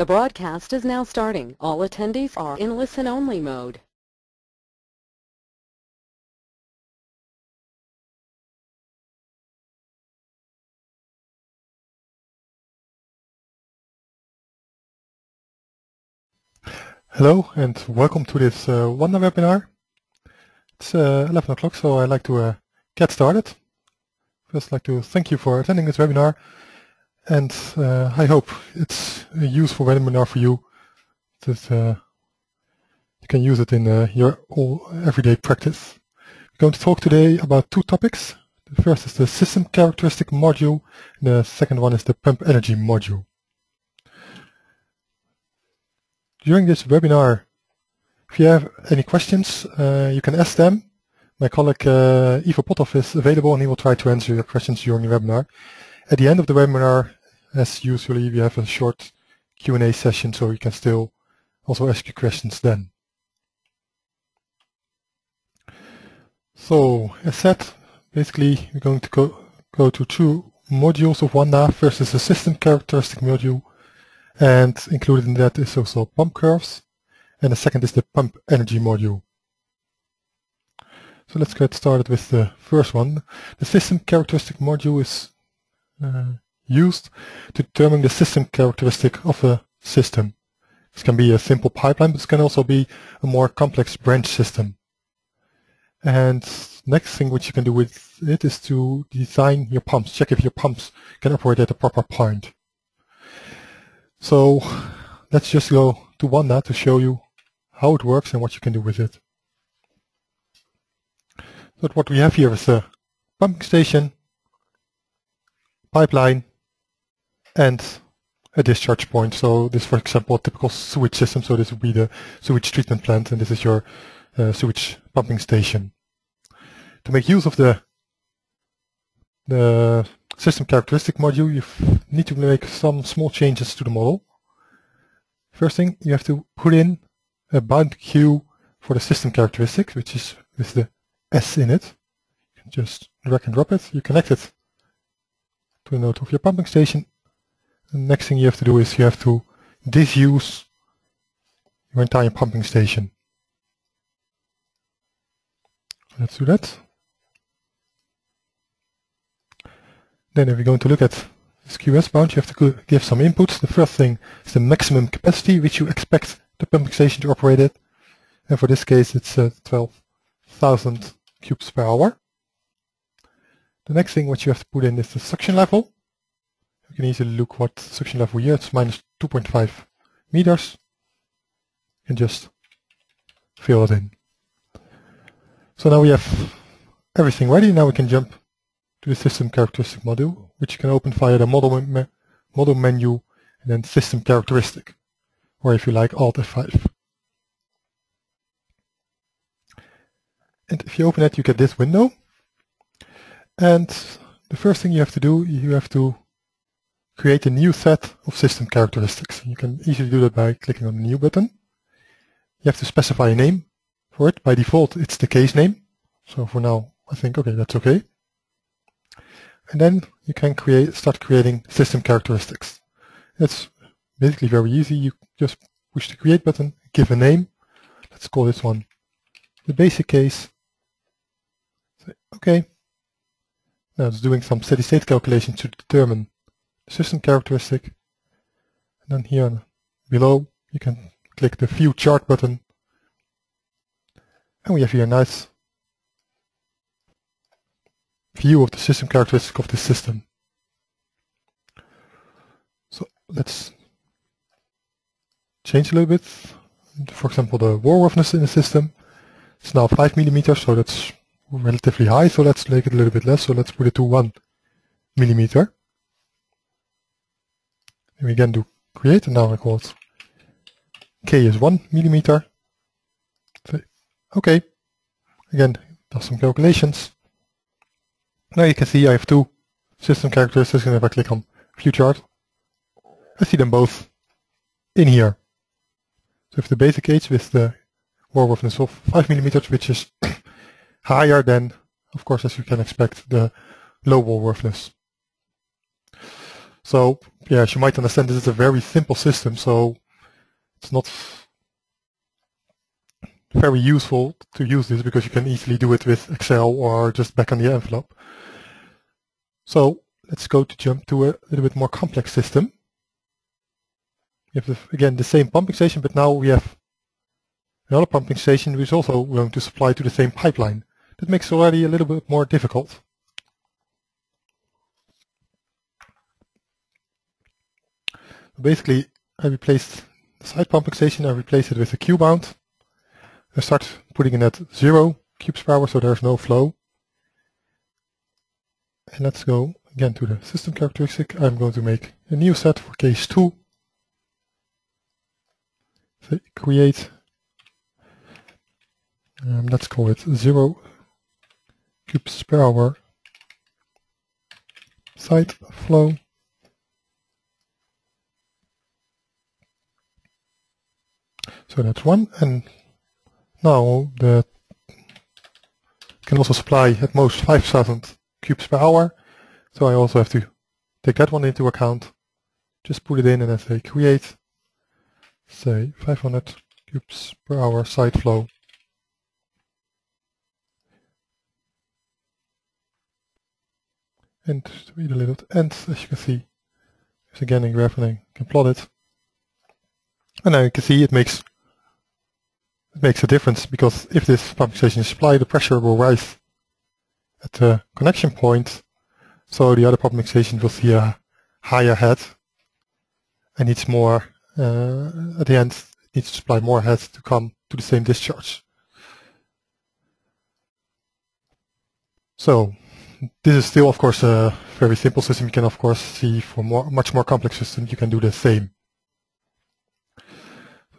The broadcast is now starting. All attendees are in listen-only mode. Hello and welcome to this uh, Wanda webinar. It's uh, 11 o'clock so I'd like to uh, get started. First I'd like to thank you for attending this webinar and uh, I hope it's a useful webinar for you that uh, you can use it in uh, your everyday practice. We're going to talk today about two topics. The first is the system characteristic module, and the second one is the pump energy module. During this webinar, if you have any questions, uh, you can ask them. My colleague uh, Ivo Potov is available and he will try to answer your questions during the webinar. At the end of the webinar, as usually, we have a short Q&A session, so you can still also ask your questions then. So, as said, basically we're going to go, go to two modules of WANDA. First is the system characteristic module, and included in that is also pump curves. And the second is the pump energy module. So let's get started with the first one. The system characteristic module is uh, used to determine the system characteristic of a system. This can be a simple pipeline, but it can also be a more complex branch system. And next thing which you can do with it is to design your pumps, check if your pumps can operate at the proper point. So let's just go to Wanda to show you how it works and what you can do with it. So what we have here is a pumping station, pipeline, and a discharge point. So this, for example, a typical sewage system. So this would be the sewage treatment plant, and this is your uh, sewage pumping station. To make use of the the system characteristic module, you need to make some small changes to the model. First thing, you have to put in a bound queue for the system characteristics, which is with the S in it. You can just drag and drop it. You connect it to the node of your pumping station the next thing you have to do is you have to disuse your entire pumping station. Let's do that. Then if we're going to look at this QS bound, you have to give some inputs. The first thing is the maximum capacity which you expect the pumping station to operate at. And for this case it's uh, 12,000 cubes per hour. The next thing which you have to put in is the suction level can easily look what suction level here, it's minus 2.5 meters, and just fill it in. So now we have everything ready, now we can jump to the system characteristic module, which you can open via the model, me model menu and then system characteristic, or if you like Alt F5. And if you open it, you get this window. And the first thing you have to do, you have to create a new set of system characteristics. You can easily do that by clicking on the New button. You have to specify a name for it. By default, it's the case name. So for now, I think, okay, that's okay. And then you can create, start creating system characteristics. It's basically very easy. You just push the Create button, give a name. Let's call this one the basic case. Say, okay. Now it's doing some steady state calculations to determine system characteristic. And then here below you can click the view chart button. And we have here a nice view of the system characteristic of the system. So let's change a little bit. For example, the war roughness in the system. It's now 5 millimeters, so that's relatively high, so let's make it a little bit less, so let's put it to 1 millimeter. And we again do create and now record k is 1 millimeter. Okay. Again, does some calculations. Now you can see I have two system characteristics and if I click on view chart, I see them both in here. So if the basic age with the war roughness of 5 millimeters, which is higher than, of course, as you can expect, the low wall roughness. So yeah, as you might understand, this is a very simple system, so it's not very useful to use this because you can easily do it with Excel or just back on the envelope. So let's go to jump to a little bit more complex system. We have, the, again, the same pumping station, but now we have another pumping station which is also going to supply to the same pipeline. That makes it already a little bit more difficult. basically I replaced the side pump fixation, I replaced it with a Q-bound. I start putting in at zero cubes per hour so there's no flow. And let's go again to the system characteristic. I'm going to make a new set for case 2. So create, um, let's call it 0 cubes per hour side flow. So that's one. And now the can also supply at most 5,000 cubes per hour. So I also have to take that one into account. Just put it in and I say create, say 500 cubes per hour side flow. And to be deleted. And as you can see, it's again in graphing, You can plot it. And now you can see it makes it makes a difference because if this pumping station is applied, the pressure will rise at the connection point. So the other pumping station will see a higher head and needs more uh, at the end needs to supply more heads to come to the same discharge. So this is still, of course, a very simple system. You can, of course, see for more, much more complex system you can do the same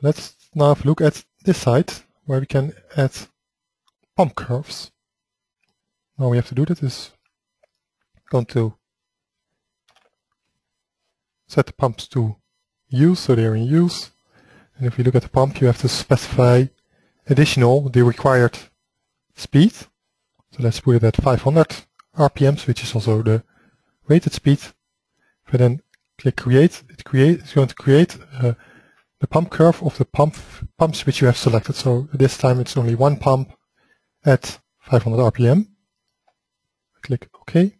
let's now look at this side where we can add pump curves. Now we have to do that is going to set the pumps to use, so they're in use. And if you look at the pump, you have to specify additional, the required speed. So let's put it at 500 RPMs, which is also the rated speed. If I then click create, it create, it's going to create a the pump curve of the pump pumps which you have selected. So this time it's only one pump at 500 RPM. Click OK.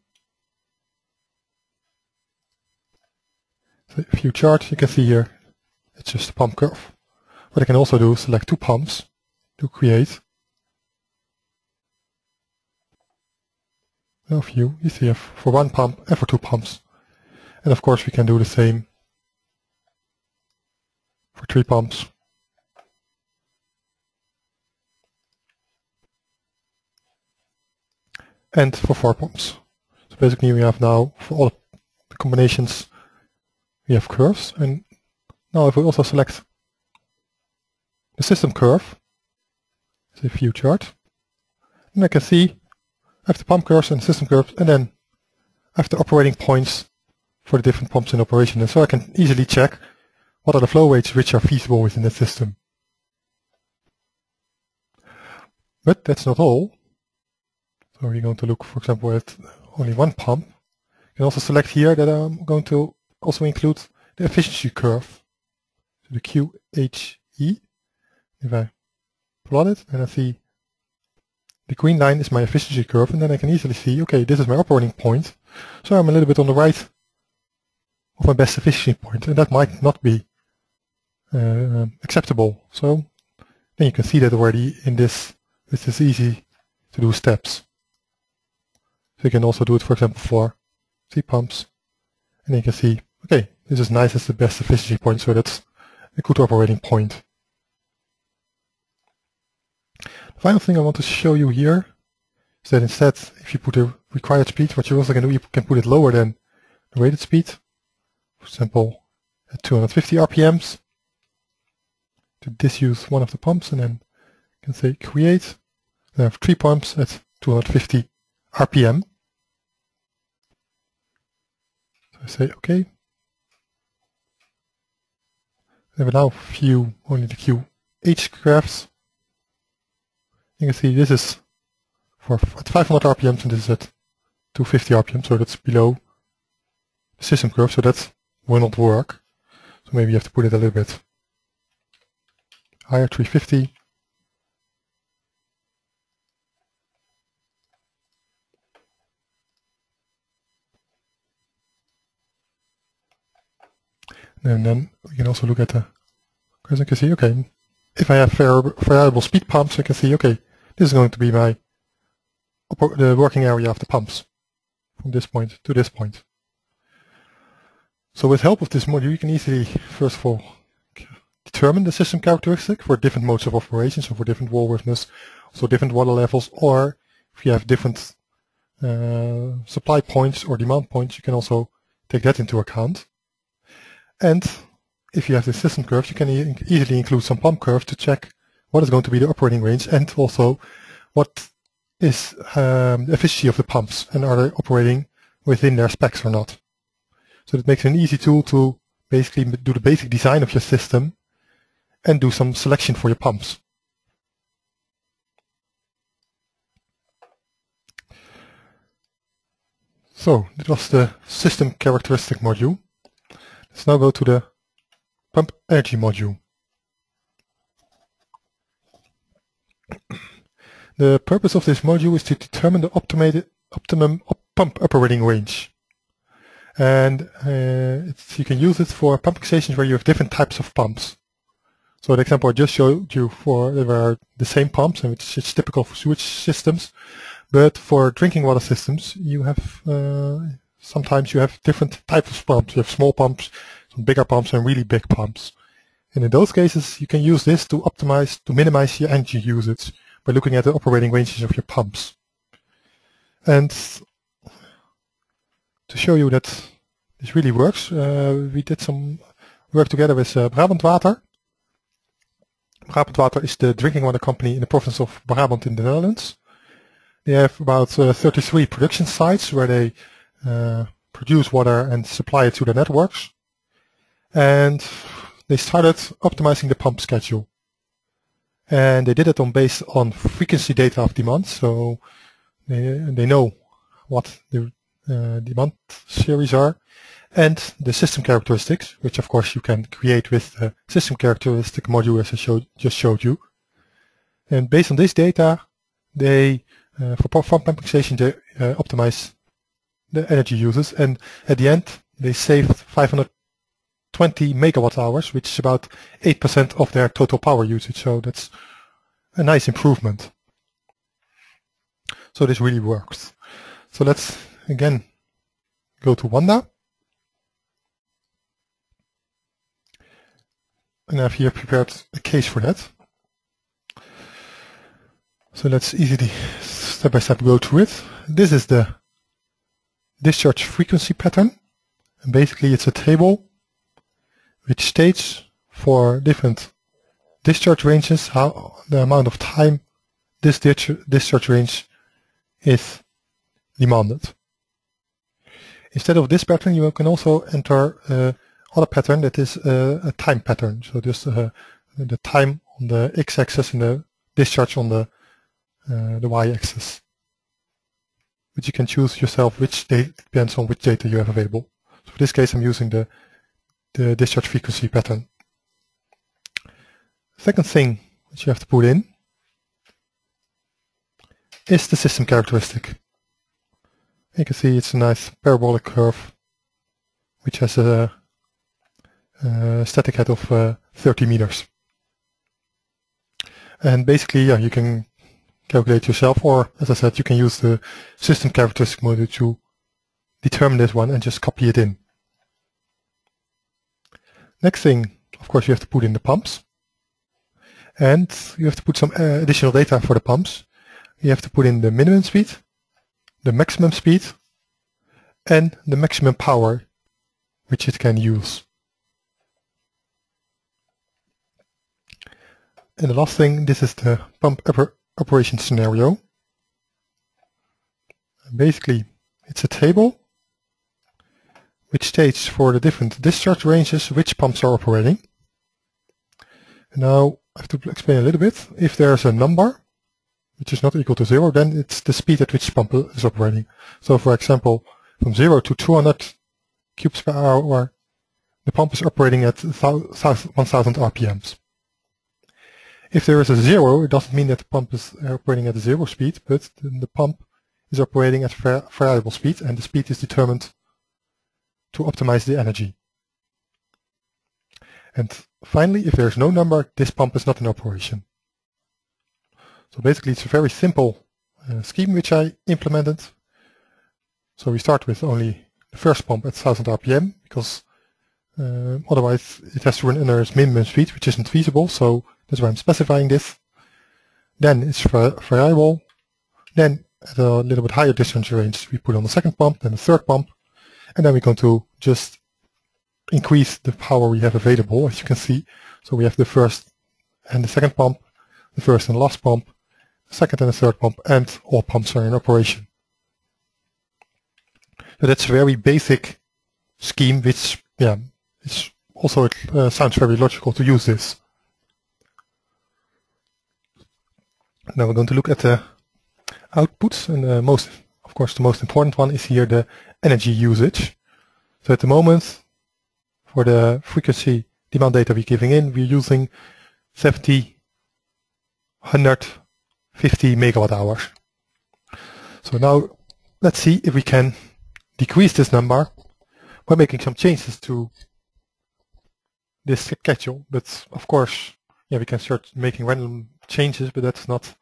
So if you chart, you can see here it's just a pump curve. What I can also do is select two pumps to create a view. You see for one pump and for two pumps. And of course we can do the same for tree pumps. And for four pumps. So basically we have now for all the combinations we have curves and now if we also select the system curve, it's a view chart, and I can see I have the pump curves and system curves and then I have the operating points for the different pumps in operation and so I can easily check what are the flow rates which are feasible within the system? But that's not all. So we're going to look, for example, at only one pump. You can also select here that I'm going to also include the efficiency curve, so the QHE. If I plot it, and I see the green line is my efficiency curve, and then I can easily see, okay, this is my operating point, so I'm a little bit on the right of my best efficiency point, and that might not be uh, acceptable. So then you can see that already in this, this is easy to do steps. So you can also do it, for example, for sea pumps. And you can see, okay, this is nice, it's the best efficiency point, so that's a good operating point. The final thing I want to show you here is that instead, if you put a required speed, what you also can do, you can put it lower than the rated speed. For example, at 250 RPMs, to disuse one of the pumps and then I can say create. I have three pumps at 250 RPM. So I say OK. I will now view only the QH graphs. You can see this is for at 500 RPM and this is at 250 RPM, so that's below the system curve, so that will not work. So maybe you have to put it a little bit higher 350. And then we can also look at the, because I can see, okay, if I have variable speed pumps, I can see, okay, this is going to be my the working area of the pumps from this point to this point. So with help of this module, you can easily, first of all, determine the system characteristic for different modes of operations and for different walrusness, so different water levels, or if you have different uh, supply points or demand points, you can also take that into account. And if you have the system curves, you can e easily include some pump curves to check what is going to be the operating range and also what is um, the efficiency of the pumps and are they operating within their specs or not. So it makes it an easy tool to basically do the basic design of your system and do some selection for your pumps. So that was the system characteristic module. Let's now go to the pump energy module. The purpose of this module is to determine the optimum pump operating range. And uh, you can use it for pump stations where you have different types of pumps. So the example I just showed you for there are the same pumps, and it's, it's typical for sewage systems. But for drinking water systems, you have uh, sometimes you have different types of pumps. You have small pumps, some bigger pumps, and really big pumps. And in those cases, you can use this to optimize, to minimize your energy usage by looking at the operating ranges of your pumps. And to show you that this really works, uh, we did some work together with uh, Brabant Water Brabant Water is the drinking water company in the province of Brabant in the Netherlands. They have about uh, 33 production sites where they uh, produce water and supply it to the networks. And they started optimizing the pump schedule. And they did it on based on frequency data of demand, so they, they know what the uh, demand series are and the system characteristics, which of course you can create with the system characteristic module as I showed, just showed you. And based on this data, they, uh, for farm compensation, they uh, optimize the energy uses. And at the end, they saved 520 megawatt hours, which is about 8% of their total power usage. So that's a nice improvement. So this really works. So let's again go to Wanda. And I've here prepared a case for that. So let's easily step by step go through it. This is the discharge frequency pattern. And basically it's a table which states for different discharge ranges how the amount of time this discharge range is demanded. Instead of this pattern you can also enter uh, other pattern that is uh, a time pattern. So just uh, the time on the x-axis and the discharge on the uh, the y-axis. But you can choose yourself which depends on which data you have available. So in this case, I'm using the the discharge frequency pattern. Second thing that you have to put in is the system characteristic. You can see it's a nice parabolic curve which has a uh, static head of uh, 30 meters. And basically, yeah, you can calculate yourself, or as I said, you can use the system characteristic model to determine this one and just copy it in. Next thing, of course, you have to put in the pumps. And you have to put some uh, additional data for the pumps. You have to put in the minimum speed, the maximum speed, and the maximum power which it can use. And the last thing, this is the pump operation scenario. basically, it's a table which states for the different discharge ranges which pumps are operating. Now, I have to explain a little bit. If there's a number which is not equal to zero, then it's the speed at which pump is operating. So for example, from zero to 200 cubes per hour, the pump is operating at 1,000 RPMs. If there is a zero, it doesn't mean that the pump is operating at a zero speed, but the pump is operating at variable speed, and the speed is determined to optimize the energy. And finally, if there is no number, this pump is not in operation. So basically, it's a very simple uh, scheme which I implemented. So we start with only the first pump at 1000 RPM because uh, otherwise it has to run under its minimum speed, which isn't feasible. So that's why I'm specifying this. Then it's variable. Then at a little bit higher distance range, we put on the second pump, then the third pump, and then we're going to just increase the power we have available, as you can see. So we have the first and the second pump, the first and last pump, the second and the third pump, and all pumps are in operation. So that's a very basic scheme, which yeah, it's also it uh, sounds very logical to use this. Now we're going to look at the outputs and the uh, most, of course, the most important one is here the energy usage. So at the moment, for the frequency demand data we're giving in, we're using 70, 150 megawatt hours. So now let's see if we can decrease this number by making some changes to this schedule. But of course, yeah, we can start making random changes, but that's not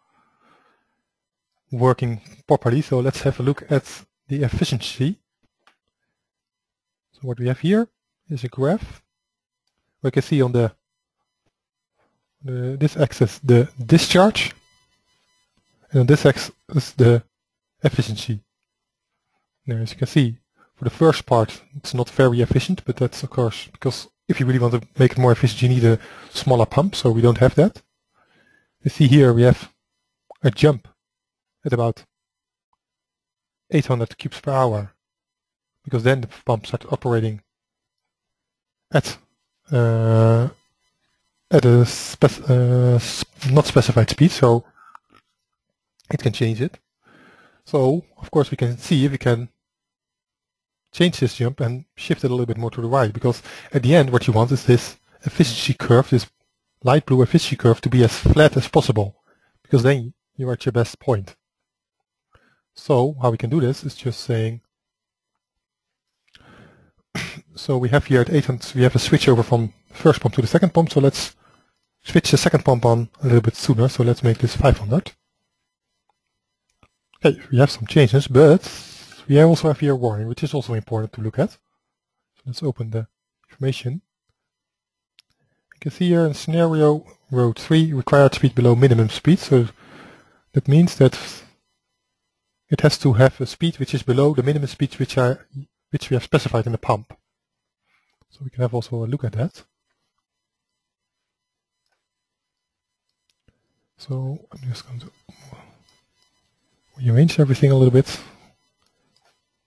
working properly. So let's have a look at the efficiency. So what we have here is a graph. We can see on the, the this axis the discharge, and on this axis the efficiency. Now, as you can see, for the first part, it's not very efficient, but that's of course because if you really want to make it more efficient, you need a smaller pump, so we don't have that. You see here we have a jump at about 800 cubes per hour because then the pump starts operating at uh, at a spec uh, not specified speed so it can change it so of course we can see if we can change this jump and shift it a little bit more to the right because at the end what you want is this efficiency curve this light blue efficiency curve to be as flat as possible because then you're at your best point. So how we can do this is just saying so we have here at 800 we have a switch over from first pump to the second pump so let's switch the second pump on a little bit sooner so let's make this 500 okay we have some changes but we also have here a warning which is also important to look at so let's open the information can see here in scenario row 3 required speed below minimum speed. So that means that it has to have a speed which is below the minimum speed which, I, which we have specified in the pump. So we can have also a look at that. So I'm just going to rearrange everything a little bit.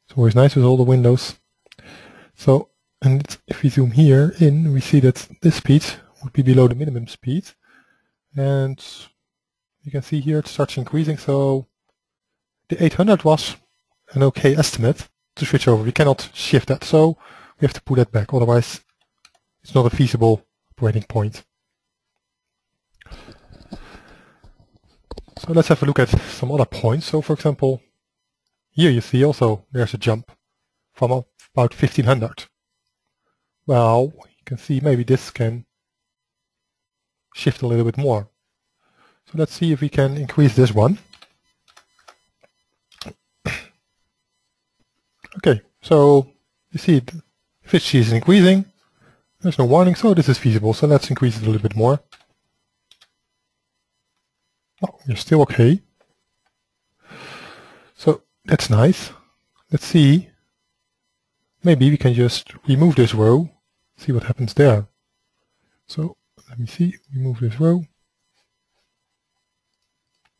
It's always nice with all the windows. So and if we zoom here in, we see that this speed would be below the minimum speed. And you can see here it starts increasing, so the 800 was an okay estimate to switch over. We cannot shift that, so we have to pull that back, otherwise it's not a feasible operating point. So let's have a look at some other points. So for example, here you see also there's a jump from about 1500 well, you can see maybe this can shift a little bit more. So let's see if we can increase this one. okay, so you see it, efficiency is increasing. There's no warning, so this is feasible. So let's increase it a little bit more. Oh, you're still okay. So that's nice. Let's see. Maybe we can just remove this row see what happens there. So let me see, we move this row.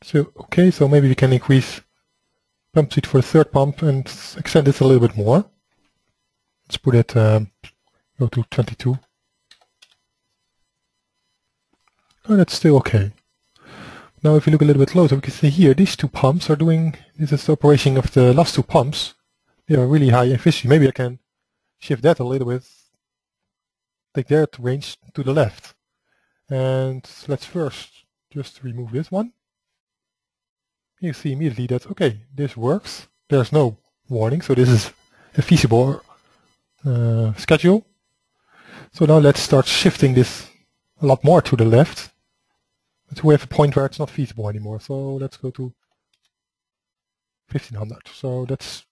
So okay, so maybe we can increase pump speed for the third pump and extend this a little bit more. Let's put it um, go to 22. Oh, that's still okay. Now if you look a little bit closer, we can see here these two pumps are doing, this is the operation of the last two pumps. They are really high efficiency. Maybe I can shift that a little bit take their range to the left. And let's first just remove this one. You see immediately that, okay, this works. There's no warning, so this is a feasible uh, schedule. So now let's start shifting this a lot more to the left. But we have a point where it's not feasible anymore, so let's go to 1500. So that's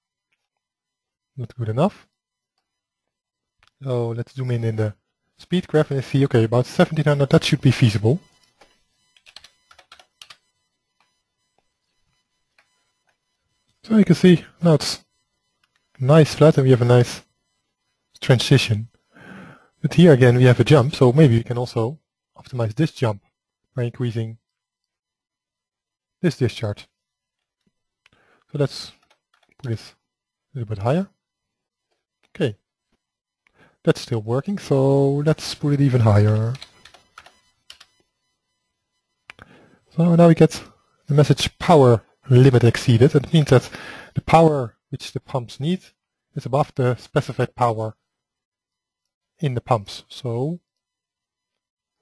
not good enough. So let's zoom in in the speed graph and I see, okay, about 1700, that should be feasible. So you can see now it's nice flat and we have a nice transition. But here again we have a jump, so maybe we can also optimize this jump by increasing this discharge. So let's put this a little bit higher. Okay, that's still working, so let's put it even higher. So now we get the message power limit exceeded. It means that the power which the pumps need is above the specified power in the pumps. So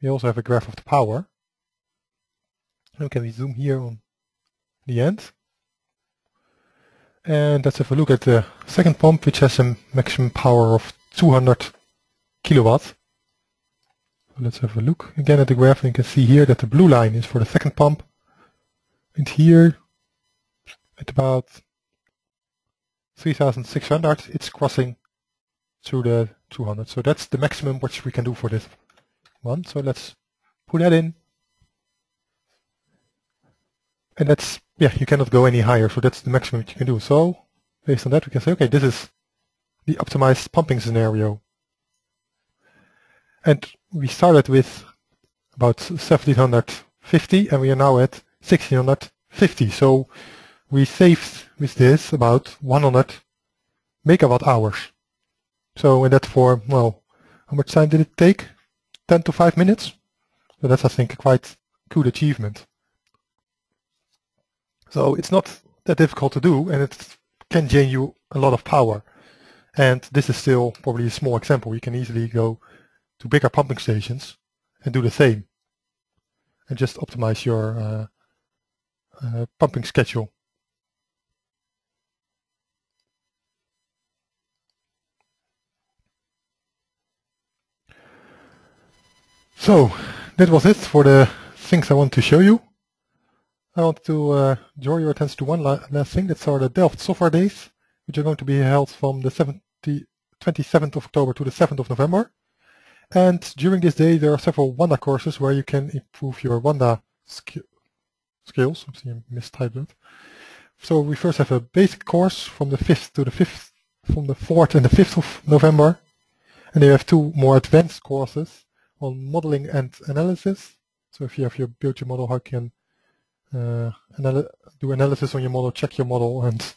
we also have a graph of the power. And can we zoom here on the end? And let's have a look at the second pump, which has a maximum power of 200 kilowatts. So let's have a look again at the graph. you can see here that the blue line is for the second pump, and here at about 3600 it's crossing through the 200. So that's the maximum which we can do for this one. So let's put that in. And that's, yeah, you cannot go any higher, so that's the maximum you can do. So based on that we can say, okay, this is the optimized pumping scenario. And we started with about 1750 and we are now at 1650. So we saved with this about 100 megawatt hours. So and that for, well, how much time did it take? 10 to 5 minutes? So that's I think a quite cool achievement. So it's not that difficult to do and it can gain you a lot of power. And this is still probably a small example. You can easily go to bigger pumping stations and do the same and just optimize your uh, uh, pumping schedule. So that was it for the things I want to show you. I want to uh, draw your attention to one la last thing. That's our Delft Software Days which are going to be held from the 70, 27th of October to the 7th of November. And during this day, there are several WANDA courses where you can improve your WANDA sk skills. I'm seeing mistyped that. So we first have a basic course from the 5th to the 5th, from the 4th and the 5th of November. And you have two more advanced courses on modeling and analysis. So if you have your build your model, how you can uh, anal do analysis on your model, check your model, and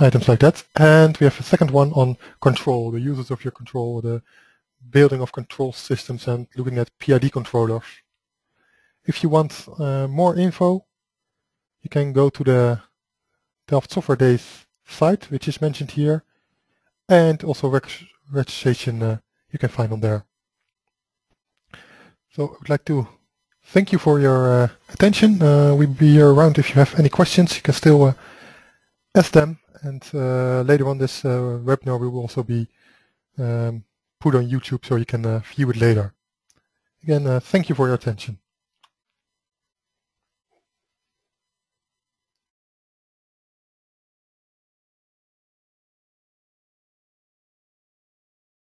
items like that. And we have a second one on control, the users of your control, the building of control systems and looking at PID controllers. If you want uh, more info, you can go to the Delft Software Days site, which is mentioned here, and also reg registration uh, you can find on there. So I would like to thank you for your uh, attention. Uh, we'll be around if you have any questions. You can still uh, ask them. And uh, later on this uh, webinar will also be um, put on YouTube so you can uh, view it later. Again, thank you for your attention.